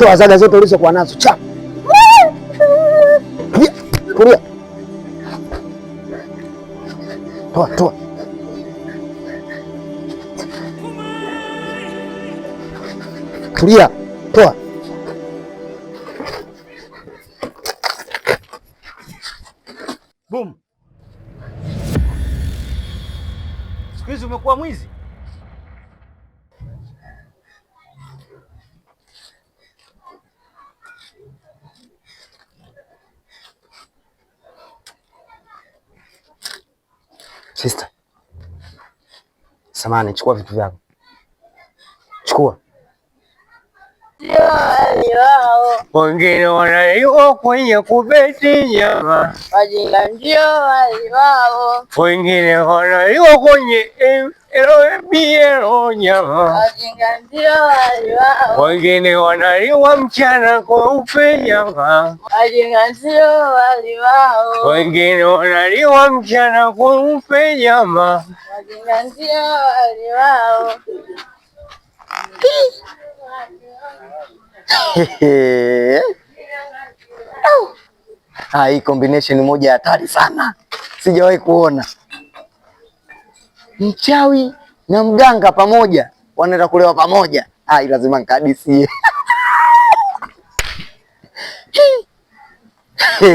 toa zaga zote ulizokuwa nazo cha kulia, toa toa kulia, toa boom. Siku hizi umekuwa mwizi samani, chukua vitu vyako, chukua. Wengine wanaliwa kwenye kubeti nyama, wajinga ndio waliwao. Wengine wanaliwa kwenye MLBL nyama, wajinga ndio waliwao. Wengine wanaliwa mchana kweupe nyama, wajinga ndio waliwao. Wengine wanaliwa mchana kweupe nyama, wajinga ndio waliwao. Ha, ah, hii combination moja hatari sana, sijawahi kuona mchawi na mganga pamoja wanaenda kulewa pamoja. Ah, lazima nikadisie.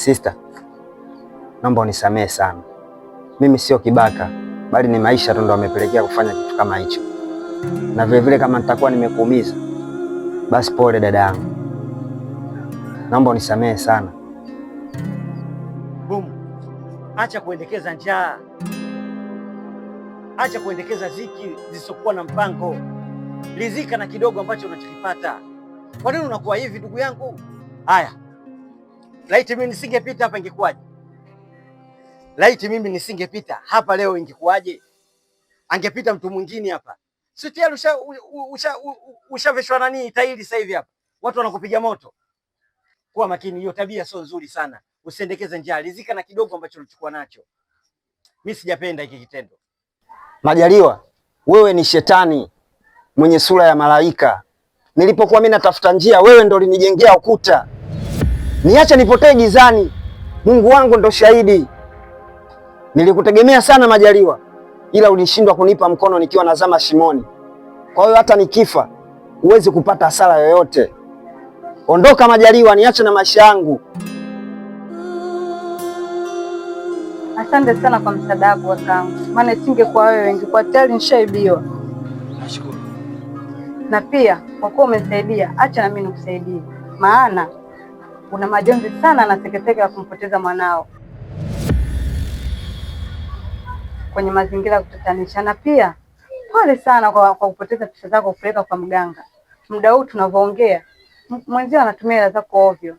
Sister, naomba unisamehe sana, mimi sio kibaka, bali ni maisha tu ndo amepelekea kufanya kitu kama hicho, na vilevile kama nitakuwa nimekuumiza basi pole dada yangu, naomba unisamehe sana. Boom. acha kuendekeza njaa, acha kuendekeza ziki zisizokuwa na mpango. Lizika na kidogo ambacho unachokipata. Kwa nini unakuwa hivi ndugu yangu? Haya, Laiti mimi nisingepita hapa ingekuwaje? Laiti mimi nisingepita hapa leo ingekuwaje? Angepita mtu mwingine hapa. Si tayari usha usha ushavishwa nani tairi sasa hivi hapa. Watu wanakupiga moto. Kuwa makini, hiyo tabia sio nzuri sana. Usiendekeze njia, rizika na kidogo ambacho ulichukua nacho. Mimi sijapenda hiki kitendo. Majaliwa, wewe ni shetani mwenye sura ya malaika. Nilipokuwa mimi natafuta njia, wewe ndo ulinijengea ukuta niache nipotee gizani. Mungu wangu ndo shahidi, nilikutegemea sana Majaliwa, ila ulishindwa kunipa mkono nikiwa nazama shimoni. Kwa hiyo hata nikifa huwezi kupata hasara yoyote. Ondoka Majaliwa, niache na maisha yangu. Asante sana kwa msaada wako wakangu, maana isingekuwa wewe ningekuwa tayari nishaibiwa. Nashukuru. Na pia kwa kuwa umesaidia, acha na mimi nikusaidie, maana una majonzi sana na teketeke la kumpoteza mwanao kwenye mazingira ya kutatanisha. Na pia pole sana kwa, kwa kupoteza pesa zako kupeleka kwa mganga. Muda huu tunavyoongea, mwenzio anatumia hela zako ovyo.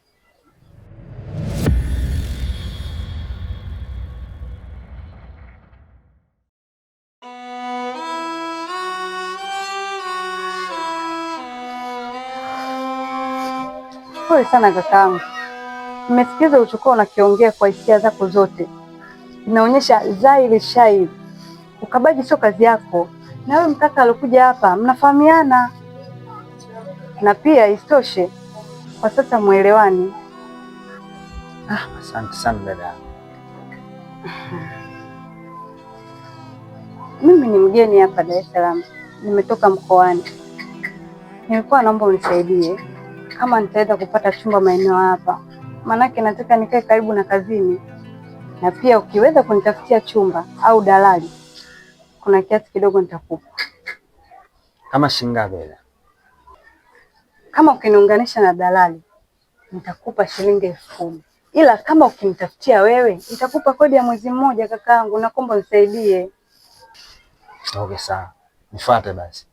Pole sana kakaangu, nimesikiza uchukua unakiongea kwa hisia zako zote, inaonyesha dhahiri shahiri ukabaji sio kazi yako. Na wewe mkaka alikuja hapa, mnafahamiana na pia isitoshe kwa sasa mwelewani. Ah, asante sana dada. Mimi ni mgeni hapa Dar es Salaam, nimetoka mkoani, nilikuwa naomba unisaidie kama nitaweza kupata chumba maeneo hapa, maanake nataka nikae karibu na kazini, na pia ukiweza kunitafutia chumba au dalali, kuna kiasi kidogo nitakupa. Kama shilingi Kama ukiniunganisha na dalali nitakupa shilingi elfu kumi ila kama ukinitafutia wewe nitakupa kodi ya mwezi mmoja. Kakaangu, nakomba nisaidie. Okay, sawa, nifuate basi.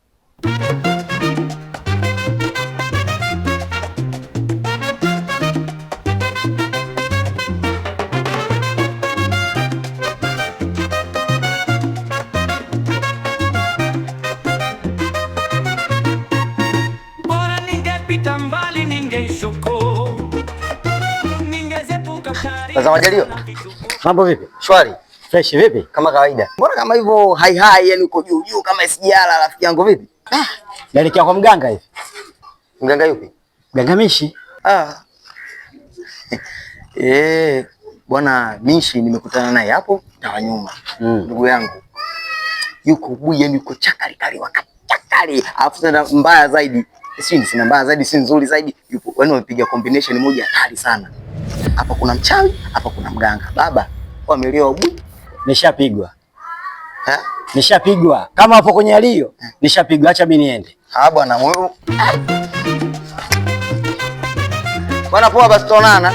Sasa Majaliwa. Mambo vipi? Shwari. Fresh vipi? Kama kawaida. Mbona kama hivyo hai hai yani uko juu juu kama sijala rafiki yangu vipi? Ah, naelekea kwa mganga hivi. Mganga yupi? Mganga Mishi. Ah. Eh, bwana Mishi nimekutana naye hapo tawa nyuma. Mm. Ndugu mm. yangu. Yuko bui yani yuko chakari kali wakachakari. Alafu tena mbaya zaidi. Si ni mbaya zaidi, si nzuri zaidi. Yupo yani wamepiga combination moja hatari sana hapa kuna mchawi, hapa kuna mganga. Baba wamelio nishapigwa, nishapigwa kama hapo kwenye alio nishapigwa. Acha mimi niende. Ah bwana huyu bwana, poa basi, tuonana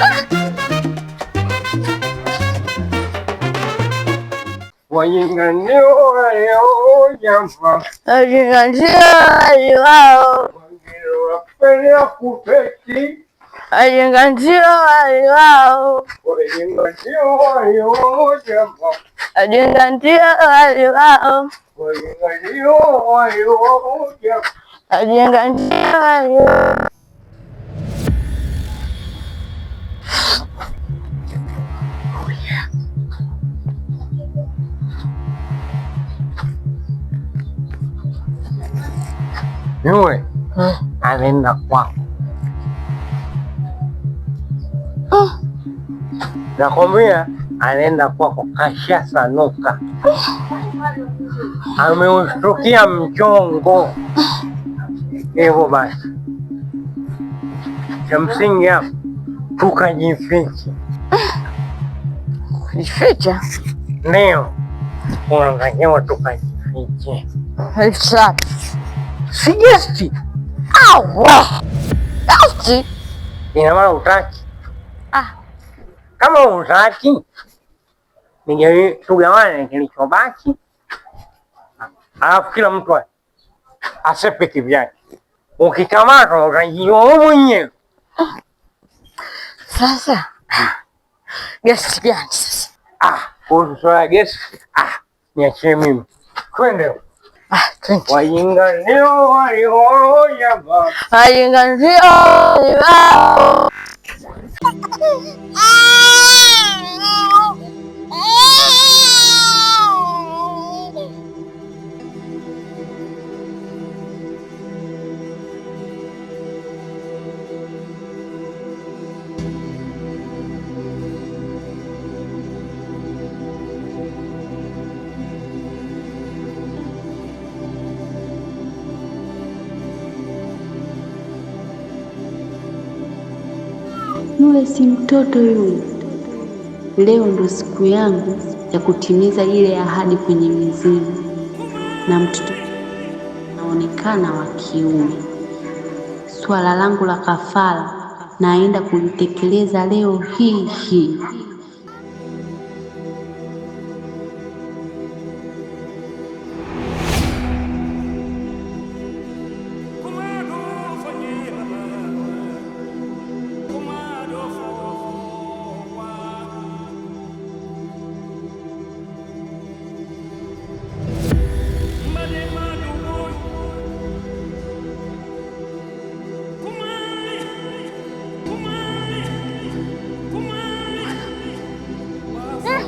Walinganio waliojamba walinganio waliwao wangewapelea kupeti Ajenganjio waliwao ajenganjio waliwao ajenganjio waliwao Nuôi, ai lên đặt quạt Nakwambia anaenda kwako, sanuka ameushtukia mchongo. Hivyo basi, cha msingi hapo tukajificha. Kujificha ndio kuanganyewa, tukajifiche. Sijesti ina maana utaki kama utaki tugawane kilichobaki, alafu kila mtu asepe kivyake. Ukikamatwa utajijua wewe mwenyewe. Sasa gesi gani sasa? Ah, kuhusu gesi ah, niachie mimi, twende. Ah, Wajinga ndio walionya, あ あ yule si mtoto yule. Leo ndo siku yangu ya kutimiza ile ahadi kwenye mizimu, na mtoto naonekana wa kiume. Swala langu la kafara naenda kulitekeleza leo hii hii.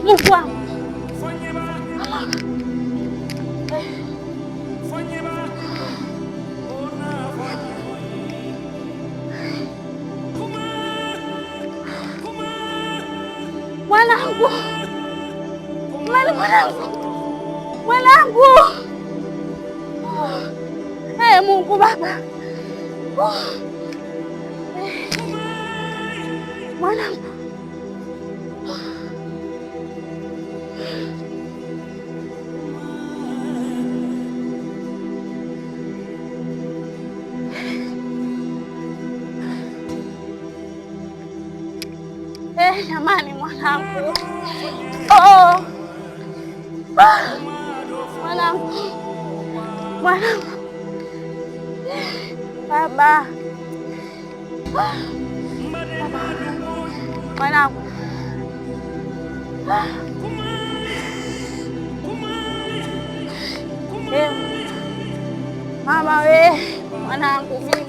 Mungu Mwanangu, mwanangu, Mungu Baba, mwanangu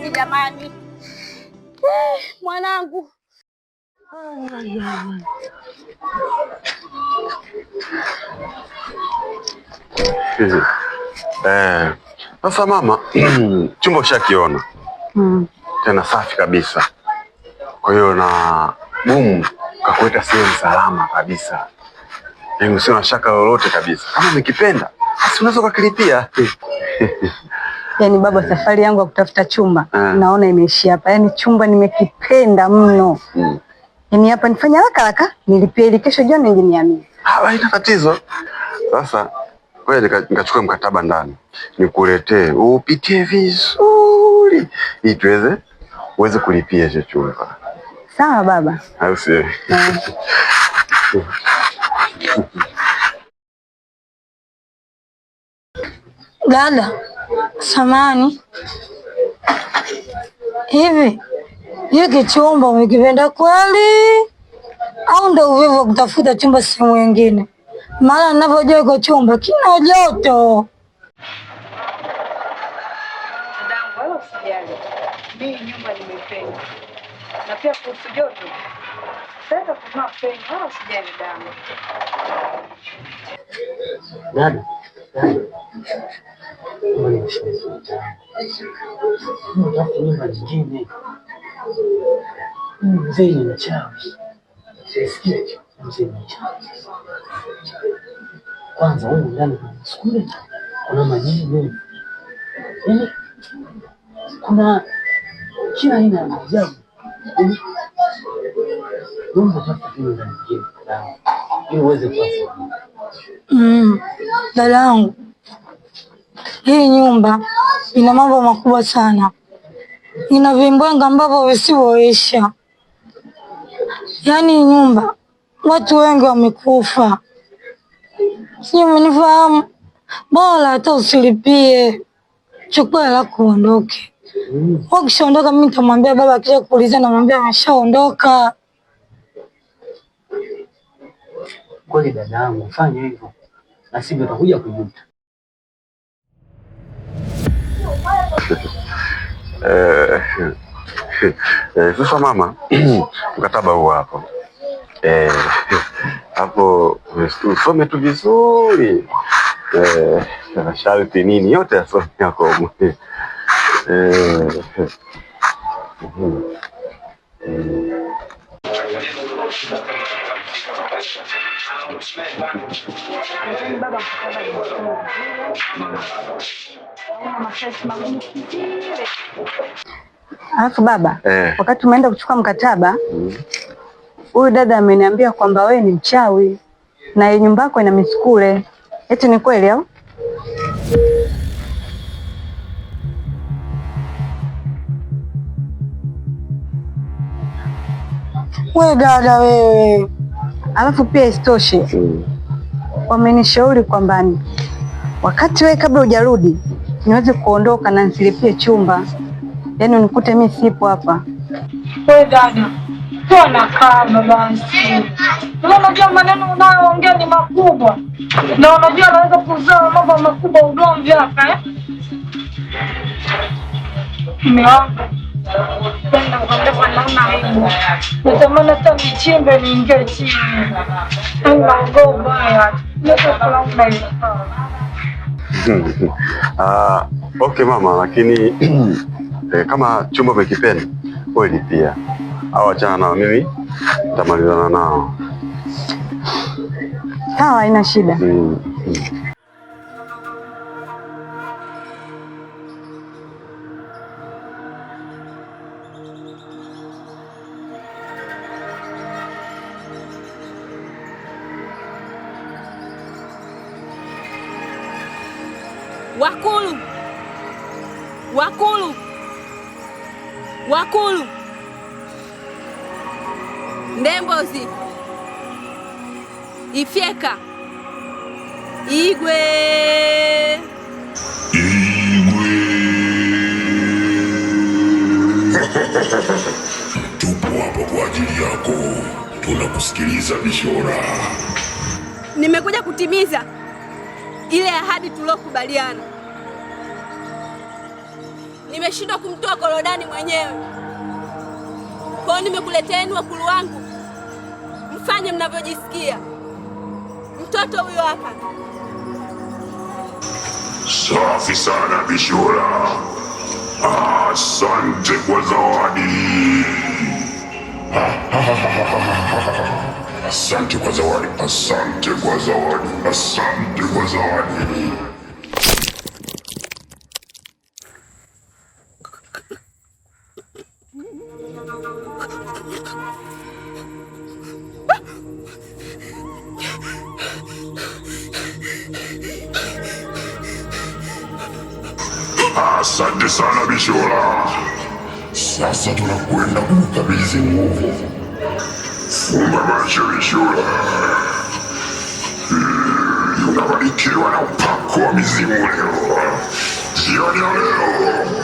hivi jamani. Eh, mwanangu eh, sasa eh, mama chumba ushakiona mm. Tena safi kabisa, kwa hiyo na bumu kakuweka sehemu salama kabisa, yaani usio na shaka lolote kabisa. Kama nikipenda basi unaweza ukakilipia yani baba, eh. safari yangu ya kutafuta chumba ah, naona imeishia hapa. Yani chumba nimekipenda mno mm. Yani hapa nifanya haraka haraka nilipia ili kesho jioni nje niamini. Ah, haina tatizo. Sasa wewe nikachukua mkataba ndani nikuletee upitie vizuri ili tuweze uweze kulipia hicho chumba. Sawa baba. Au sio? Eh. Samani hivi, hiki chumba umekipenda kweli au ndo uvivu wa kutafuta chumba sehemu nyingine? Maana ninavyojua iko chumba kina joto mimi nyumba nimependa na pia kuhusu joto sasa kuna wala Dada, dada pale mshenzi mtaani, tafuta nyumba nyingine. Mzee ni mchawi, mzee ni mchawi. Kwanza huko ndani kuna sukule, kuna majini, kuna kila aina ya maajabu. Naomba tafuta hii nyumba ina mambo makubwa sana, ina vimbwenga ambavyo visivyoisha. Yaani nyumba watu wengi wamekufa, sijui umenifahamu. Bora hata usilipie, chukua hela kuondoke. Wakishaondoka mimi nitamwambia baba, akija kuuliza namwambia ameshaondoka. Kweli dadangu, fanya hivyo, nasivyo utakuja kujuta. Eh, eh, sasa mama, mkataba huo hapo eh, hapo usome tu vizuri eh, sharti nini yote yasome yako eh, eh, baba, Baba. Alafu baba eh, wakati umeenda kuchukua mkataba mm-hmm. huyu mm, dada ameniambia kwamba wewe ni mchawi na nyumba yako ina misukule. Eti ni kweli au? We dada wewe, alafu pia isitoshe mm, wamenishauri kwamba wakati wewe kabla hujarudi niweze kuondoka na nisilipie chumba, yaani unikute mimi sipo hapa. Wewe dada, na kama basi. Unajua maneno unayoongea ni makubwa, na unajua anaweza kuzaa mambo makubwa, ugomvi hapa eh? natamani hata nichimbe niingie chini, Uh, okay mama, lakini eh, kama chumba umekipenda kweli, pia au achana nao, mimi nitamalizana nao. Sawa, haina shida. Mm, mm. kutimiza mishora. Nimekuja kutimiza ile ahadi tuliyokubaliana. Nimeshindwa kumtoa korodani mwenyewe, kwa hiyo nimekuleteeni wakulu wangu, mfanye mnavyojisikia. Mtoto huyo hapa. Safi sana Bishura, asante kwa zawadi. Asante kwa zawadi, asante kwa zawadi, asante kwa zawadi. Asante sana Bishora. Sasa tunakwenda kumkabidhi nguvu kufunga macho vizuri unabarikiwa na upako wa mizimu leo, jioni ya leo.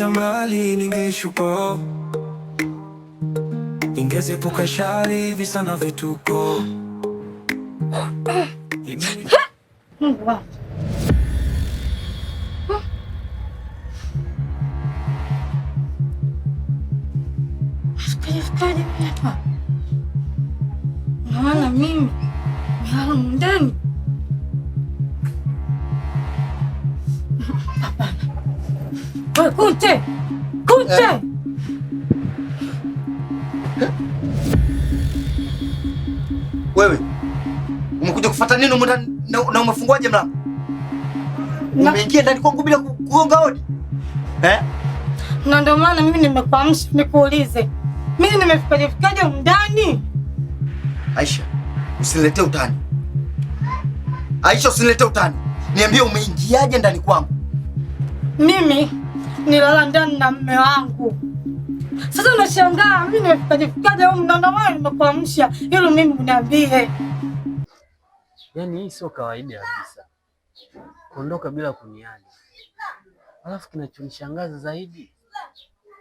hata mbali ningeshuko, ningezepuka shari hivi sana vituko. Mungu mimi nalo Wewe Kunte! Kunte! Eh. Wewe umekuja kufuata nini huko ndani na umefunguaje mlango? Umeingia ndani kwangu bila kugonga hodi? Eh? Na ndio maana mimi nimekuamsha nikuulize. Mimi nimefikaje fikaje ndani? Aisha, usiniletee utani. Aisha, usiniletee utani. Niambie umeingiaje ndani kwangu? Mimi nilala ndani na mme wangu. Sasa unashangaa mimi nimefikaje huko mnono wao nimekuamsha ili mimi uniambie. Yaani hii sio kawaida kabisa. Kuondoka bila kuniaga. Alafu kinachonishangaza zaidi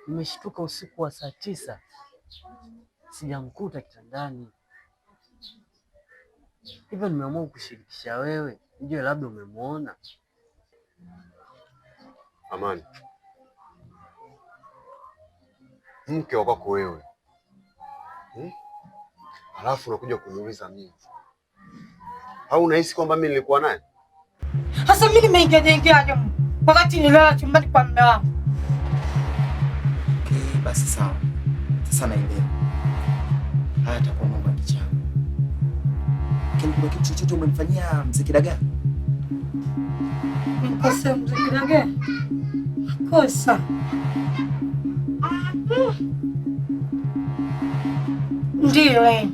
nimeshtuka usiku wa saa tisa sijamkuta kitandani, hivyo nimeamua kukushirikisha wewe, nijue labda umemwona Amani mke wa kwako wewe hmm? Alafu unakuja kuniuliza mimi au unahisi kwamba mimi nilikuwa naye? Hasa mimi nimeingia ingia wakati nilala chumbani kwa mume wangu. Okay, basi sawa. Sasa naelewa. Haya atakuwa mambo ya kichawi. Lakini kuna kitu chochote umemfanyia mzee Kidagaa? Mkosa mzee Kidagaa? Kosa. Ndiyo, eh.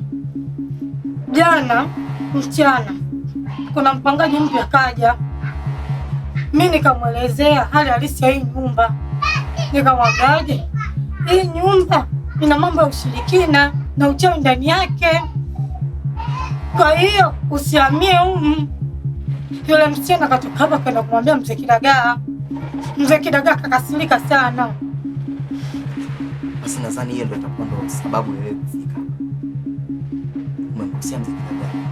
Jana mchana kuna mpangaji mpya kaja, mi nikamwelezea hali halisi ya hii nyumba, nikamwambiaje, hii nyumba ina mambo ya ushirikina na uchawi ndani yake, kwa hiyo usiamie umu. Yule msichana katukaba hapa kwenda kumwambia mzee Kidagaa. Mzee Kidagaa kakasirika sana basi nadhani hiyo ndio itakuwa ndo sababu ya wewe kufika. Umemkosea mzee gani?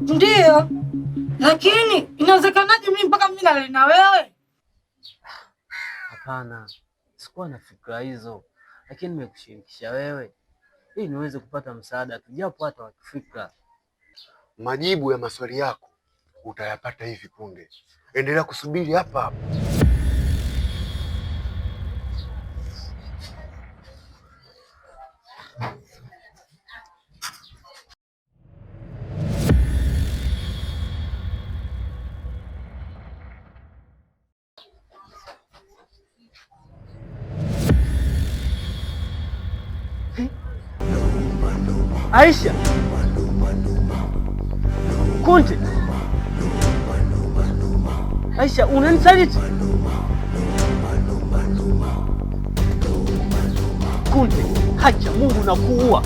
Ndio. lakini inawezekanaje mimi mpaka mimi nale na wewe? Hapana, sikuwa na fikra hizo, lakini nimekushirikisha wewe ili niweze kupata msaada tu japo hata wakifikra. Majibu ya maswali yako utayapata hivi punde. Endelea kusubiri hapa hapa. Aisha Kunte, Aisha unanisaliti Kunte, hacha Mungu na kuua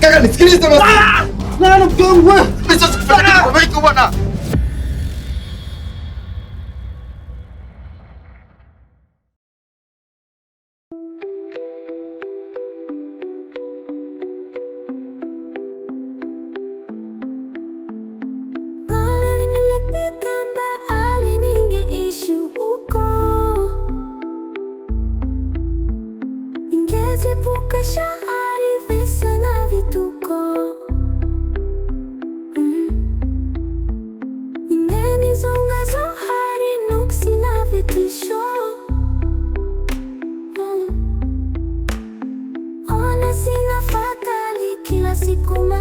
Kunte, nisikilize basi. Ah! It's no me wewe. Pesa siku